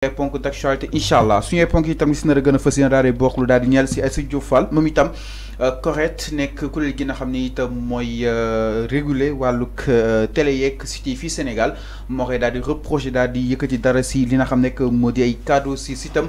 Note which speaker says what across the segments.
Speaker 1: ay ponk d'actualité incha allah suñu ay ponk yi tamit si nar a gën bokk lu daal di ñeel si Aïssatou Diop Fall moom itam euh, correct nek kuréel gi nga xamni ne itam mooy euh, réguler waluk euh, télé yek site yi fii Sénégal moo koy daal di reprocher daal di yëkëti dara si li nga xam ne moo ay cadeau si sitam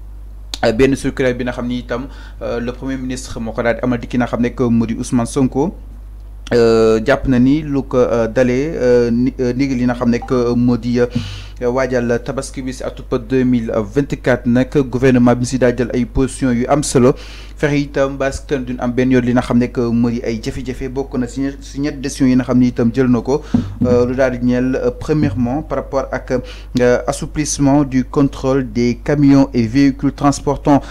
Speaker 1: Euh, bien sûr bi nga xamni euh, le premier ministre moko ko daal amal Ousmane Sonko. Euh, na ni lu ko dalee ni waajal tabaski bi si 2024 nak gouvernement bi si da jël ay position yu am solo fexe itam d'une duñ am ben yoon li nga xamne ne que mooy ay jafe-jafe bokk na si si ñetti yi nga xamni itam jël nako euh, lu di euh, premièrement par rapport ak euh, assouplissement du contrôle des camions et véhicules transportant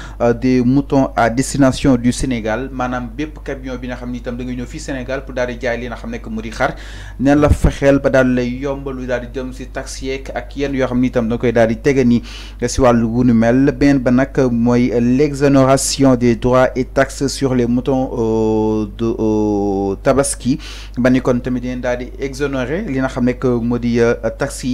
Speaker 1: des moutons à destination du Sénégal manam bép camion bi nga xamni itam da nga ñëw fi Sénégal pour daal di jaay li nga xamne que xar neen la fexel ba daal lay yombal lu daal di jëm ci taxi yeeg ak yenn yo xamni tam itam koy daal di tege ni si mel ben ba nak moy l'exonération des droits et taxes sur les moutons euh, de euh, tabaski banikon kon tamit daal daldi exonéré li nga xam ne euh, taxe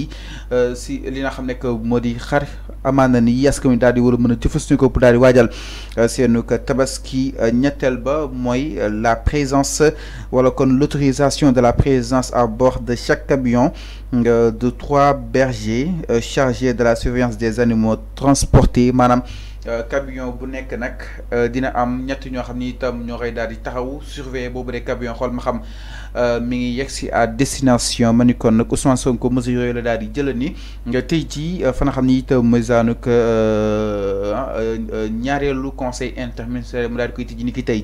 Speaker 1: si li nga xam ne moo xar amana ni askan wi daal di war a pour daldi wadjal senu seenu tabaski ñettel ba moy la présence wala kon l'autorisation de la présence à bord de chaque camion de trois bergers euh, chargé de la surveillance des animaux transportés madame euh, camion bu nek nak euh, dina am ñet ñoo xamni ni itam ñoo daal di taxaw surveiller camion ma xam euh, mi ngi à destination mani ni kon Ousmane Sonko monsieur yooyu la daal di jël ni nga tey ci fa conseil interministériel mu daal di koy tijji ni ki tey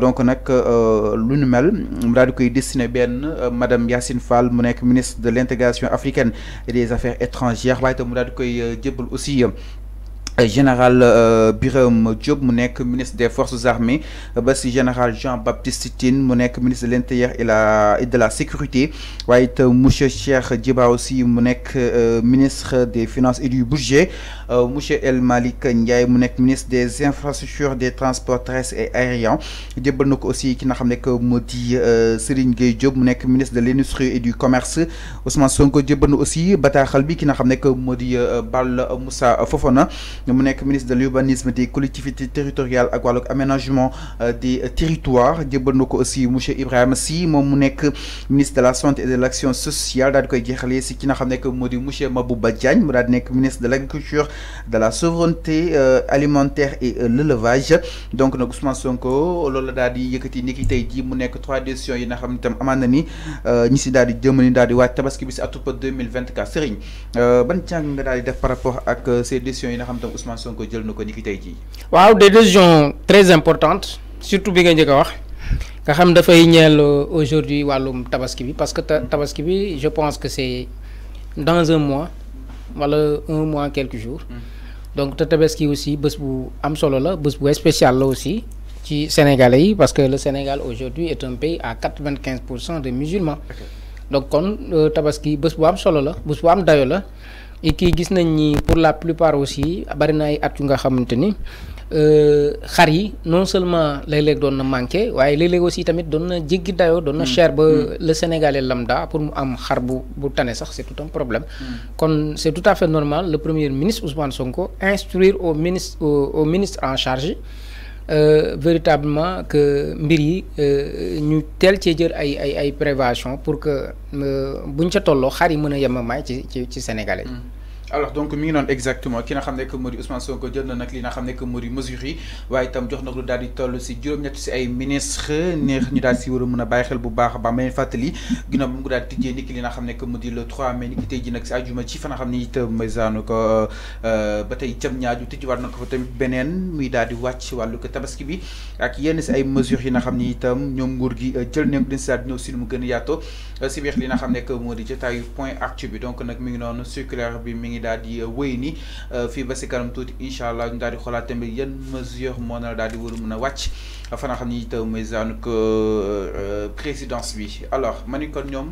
Speaker 1: donc nak lu ñu mel mu daal koy destiné madame Yassine Fall mu nek ministre de l'Intégration africaine et des affaires étrangères waaye itam mu daal koy aussi. Euh, général euh, Biram Diop mu ministre des forces armées euh, ba si général Jean Baptiste Tine mu ministre de l'intérieur et de la sécurité waaye it monsieur Cheikh Djiba aussi mu ministre des finances et du budget monsieur El Malik Ndiaye mu ministre des infrastructures des transports terrestres et aériens jébbal aussi ki n'a xam modi que Serigne Gueye Diop mu ministre de l'industrie et du commerce Ousmane Sonko jébbal aussi Bata Khalbi ki nga xam modi que Moussa Fofona mu nekk ministre de l'urbanisme des collectivités territoriales à quoi aménagement euh, des territoires jëbbal na aussi monsieur ibrahim si moom mu ministre de la santé et de l'action sociale daal di koy si ki n'a xam nekk moo di monsieur Mabouba Diagne mu ministre de l'agriculture de la souveraineté euh, alimentaire et euh, l'élevage donc nous Ousmane Sonko loolu la daal di yëkkati ni ki tey jii mu nekk trois décisions yi n'a xam ne itam ni si daal di jëmale daal di waaj tabaski à tout peu 2024 Serigne ban jàng nga di def par rapport ak ces décisions yi n'a xam Ousmane Sonko jël na
Speaker 2: waaw des décisions très importantes surtout bi nga njëkk a wax nga xam euh, aujourd'hui walum tabaski bi parce que tabaski bi je pense que c'est dans un mois wala un mois quelques jours mm. donc tabaski aussi bëss bu am solo la bu spécial la aussi ci Sénégalais parce que le Sénégal aujourd'hui est un pays à 95% de musulmans donc kon euh, tabaski bëss bu am solo la bu am dayo la et qui gis nañ ni pour la plupart aussi bari na ay at yu nga xamanteni euh xar yi non seulement lay lay doon na manquer waye lay lay aussi tamit doon na jéggi dayo doon na mm. cher ba mm. le sénégalais lambda pour mu am xar bu bu tane sax c'est tout un problème mm. kon c'est tout à fait normal le premier ministre Ousmane Sonko instruire au ministre au ministre en charge euh, véritablement que mbir yi euh, ñu tel ci jël ay ay ay prévention pour que euh, buñ ca tolloo xar yi mën a yemamaay ci
Speaker 1: ci sénégalais alors donc mi ngi noonu exactement ki nga xam que Modi Ousmane Sonko jël na nag li nga xam que Modi di mesures yi waaye itam jox nag lu daal di toll si juróom-ñett si ay ministre neex ñu daal ci war mëna mën xel bu baax ba may fatali gina bu mu daal tijjee ni ki li nga xam que Modi le 3 mai ni ki ji nak ci àjjuma ci fa nga xam ne itam ko euh ba tey jëm ñaaju tijjiwaat na ko fa tamit beneen muy daal di wàcc wàllu ko tabaski bi ak yenn ci ay mesures yi nga xam tam ñom nguur gi euh, jël nañ ko dañ si daal di ñëw lu mu gën a yaatoo euh, si biir li nga xam que Modi di jotaayu point actu bi donc nak mi ngi non circulaire bi mi ngi dadi di eh, wéy ni eh, fii ba si kanam di xoolaat mesure moo na daal di war a mën a wàcc fa nga xam ni eh, présidence bi alors ma ni kon ñoom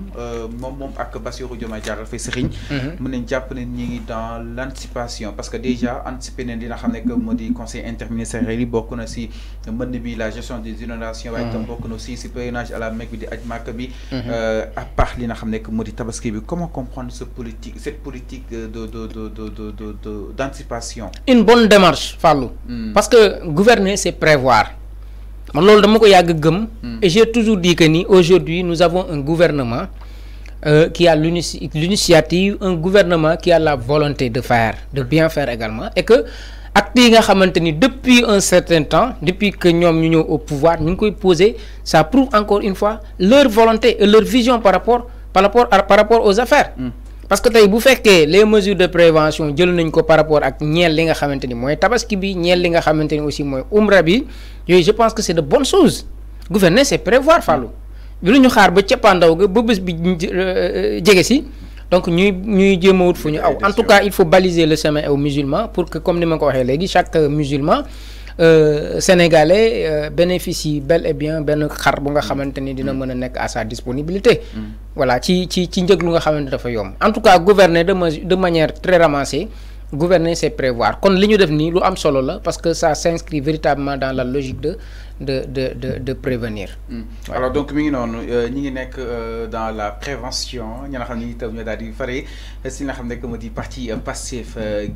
Speaker 1: moom moom ak Bassirou Diomaye Diakhar Faye Serigne. Mhm. mën nañ jàpp ne ñi ngi dans l'anticipation parce que déjà mhm. anticipé nañ li nga xam que moo conseil interministériel yi bokk na si mbënd bi la gestion des inondations. waaye itam mhm. bokk na à la Mecque bi di aj bi. Euh, à part li nga xam ne que moo tabaski bi comment comprendre ce politique cette politique euh, de de d'anticipation.
Speaker 2: une bonne démarche Fallou. Hmm. parce que gouverner c'est prévoir mon hmm. et j'ai toujours dit que ni aujourd'hui nous avons un gouvernement euh, qui a l'initiative un gouvernement qui a la volonté de faire de bien faire également et que depuis un certain temps depuis que nous sommes au pouvoir nous ça prouve encore une fois leur volonté et leur vision par rapport par rapport par rapport aux affaires. Hmm parce que tay bu fekkee les mesures de prévention jël nañ ko par rapport ak ñeel li nga xamante moy tabaski bi ñeel li nga xamante aussi moy umra bi yoy je pense que c'est de bonnes choses gouverner c'est prévoir fàllu lu ñu xaar ba pandaw ga bu bés bi djégé euh, euh, si donc ñuy ñuy jéem a wut aw en tout cas il faut baliser le chemin aux musulmans pour que comme ni ma ko waxé légui chaque musulman euh, sénégalais euh, bénéficie bel et bien ben xar bu nga xamanteni dina mën nek à sa disponibilité. Mm. voilà ci ci ci njëg lu nga xamante dafa yom. en tout cas gouverner de de manière très ramassée gouverner c'est prévoir kon liñu def solo parce que ça s'inscrit véritablement dans la logique de de de de prévenir.
Speaker 1: Hmm. alors donc mi ngi euh, ñi ngi euh, dans la prévention ñi nga xamni daal di si nga xamne dit di parti euh,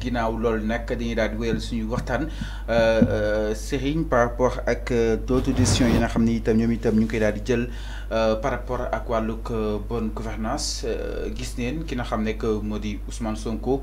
Speaker 1: dañuy par rapport ak d'autres décisions par rapport à quoi bonne gouvernance gis neen ki nga Ousmane Sonko.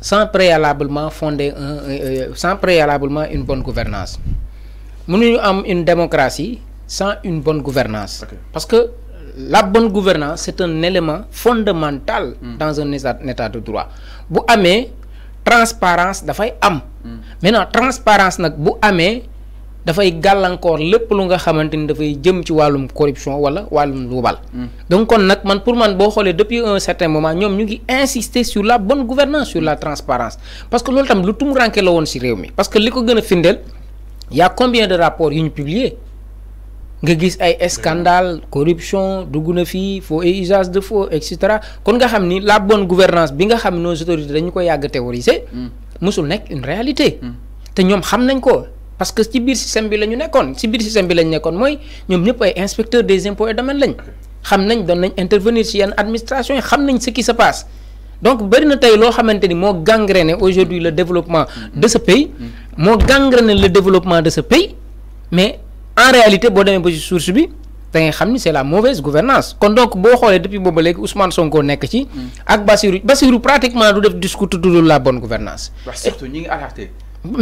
Speaker 2: sans préalablement fonder euh, sans préalablement une bonne gouvernance nous avons une démocratie sans une bonne gouvernance parce que la bonne gouvernance c'est un élément fondamental hmm. dans un état, de droit Vous la transparence faut am hmm. maintenant transparence vous bu fay gàllankoor lepp lu nga xamante da fay jëm ci walum corruption wala walum global hmm. donc kon nak man pour man bo xolé depuis un certain moment ñom ñu ngi insister sur la bonne gouvernance sur la transparence parce que loolu tam lu ranké la won si réew mi parce que liko gëna findel a y a combien de rapports yu ñu publié nga gis ay scandale corruption dugg fi faux et usage de faux etc kon nga xamni la bonne gouvernance bi nga xamni nos autorités dañu ko yag théoriser. Hmm. musul nek une réalité. Hmm. te ñom xam nañ ko parce que ci biir système bi lañu ñu nekkoon ci biir système bi lañu ñu nekkoon mooy ñoom ñëpp ay inspecteur des impôts et domaines lañ xam nañ doon nañ intervenir ci yenn administration yi xam nañ ce qui se passe donc bëri na tey loo xamante ni moo gangréné aujourd'hui le développement de ce pays moo gangréné le développement de ce pays mais en réalité boo demee ba ci source bi da ngay xam ni c'est la mauvaise gouvernance kon donc boo xoolee depuis booba léegi Ousmane Sonko nekk ci ak Basirou, Basirou, pratiquement du def discours tuddul la bonne gouvernance bah, surtout
Speaker 1: ñi ngi alerté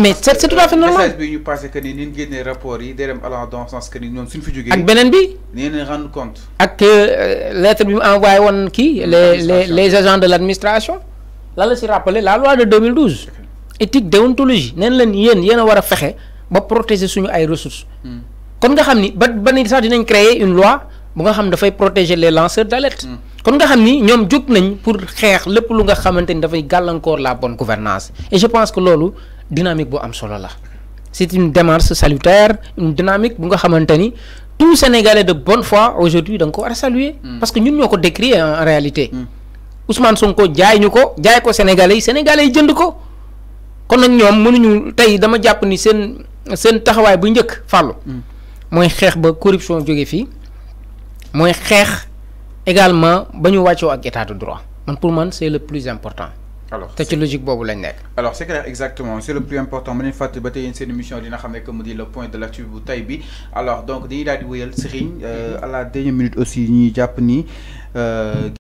Speaker 1: mais c'est tout à fait normal message bi ñu passé que ni ñu un rapport yi day allant dans sens que nous ne suñ fi jógee. ak beneen bi. nee nañ compte.
Speaker 2: ak euh, lettre bi mu envoyé les les agents de l'administration
Speaker 1: là la si rappelé
Speaker 2: la loi de 2012. éthique déontologie nous leen yéen yéen wara fexé ba protéger suñu ay ressources. comme nga xamni ni ba ba ni sax dinañ créer une loi bu nga xam protéger les lanceurs d'alerte comme kon nga xamni ni juk nañ pour faire lepp lu nga xamante da fay galancor la bonne gouvernance et je pense que lolu dynamique am c'est une démarche salutaire une dynamique bu nga tout Sénégalais de bonne foi aujourd'hui donc saluer mm. parce que nous ñoko décrit en réalité mm. Ousmane Sonko jaay ñuko jaay ko Sénégalais Sénégalais jënd ko kon ñom mënu ñu tay dama japp ni sen sen taxaway bu mm. xex ba corruption fi moy xex également bañu waccio ak état de droit man pour man c'est le plus important alors te ci
Speaker 1: logique bobu lañ nek alors c'est clair exactement c'est le plus important ma leen fàttali ba tey une seen émission dina xam ne mu di le point de l'actu bu tey bi alors donc dañuy daal di wéyal Serigne euh, à la dernière minute aussi ñi japp ni. Euh,